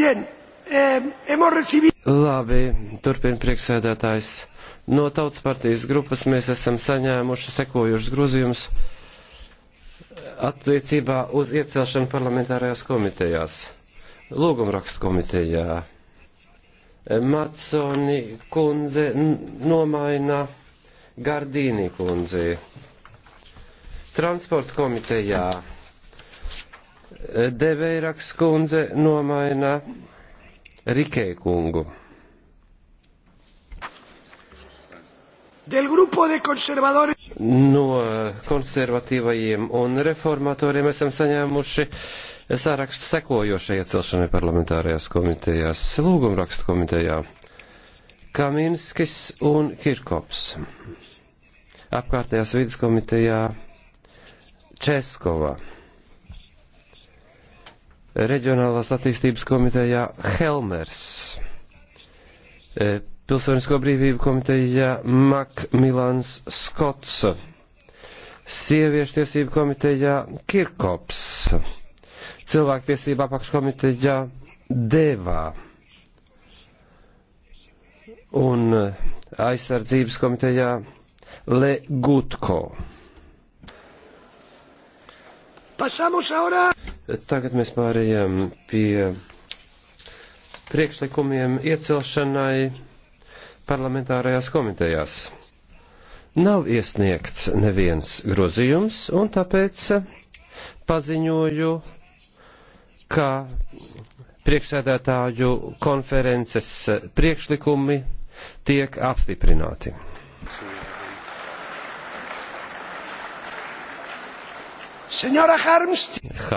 Bien, eh, hemos recibido... Labi, turpina priekšsēdētājs. No Tautas partijas grupas mēs esam saņēmuši sekojušas grozījumus attiecībā uz iecelšanu parlamentārajās komitejās. Lūgumrakstu komitejā. Maconi kundze nomaina Gardīni kundzi. Transporta komitejā Deveiraks kundze nomaina Rikē kungu. No konservatīvajiem un reformatoriem esam saņēmuši sārakstu sekojošai iecelšanai parlamentārajās komitejās, lūgumrakstu komitejā. Kaminskis un Kirkops. Apkārtējās vidas komitejā Českova. Reģionālās attīstības komitejā Helmers, e, Pilsonisko brīvību komitejā Makmilans Skots, Sieviešu tiesību komitejā Kirkops, Cilvēktiesība apakškomitejā Devā un aizsardzības komitejā Le Gutko. Pasamos ahora. Tagad mēs pārējām pie priekšlikumiem iecelšanai parlamentārajās komitejās. Nav iesniegts neviens grozījums, un tāpēc paziņoju, ka priekšsēdētāju konferences priekšlikumi tiek apstiprināti. Senora Harms!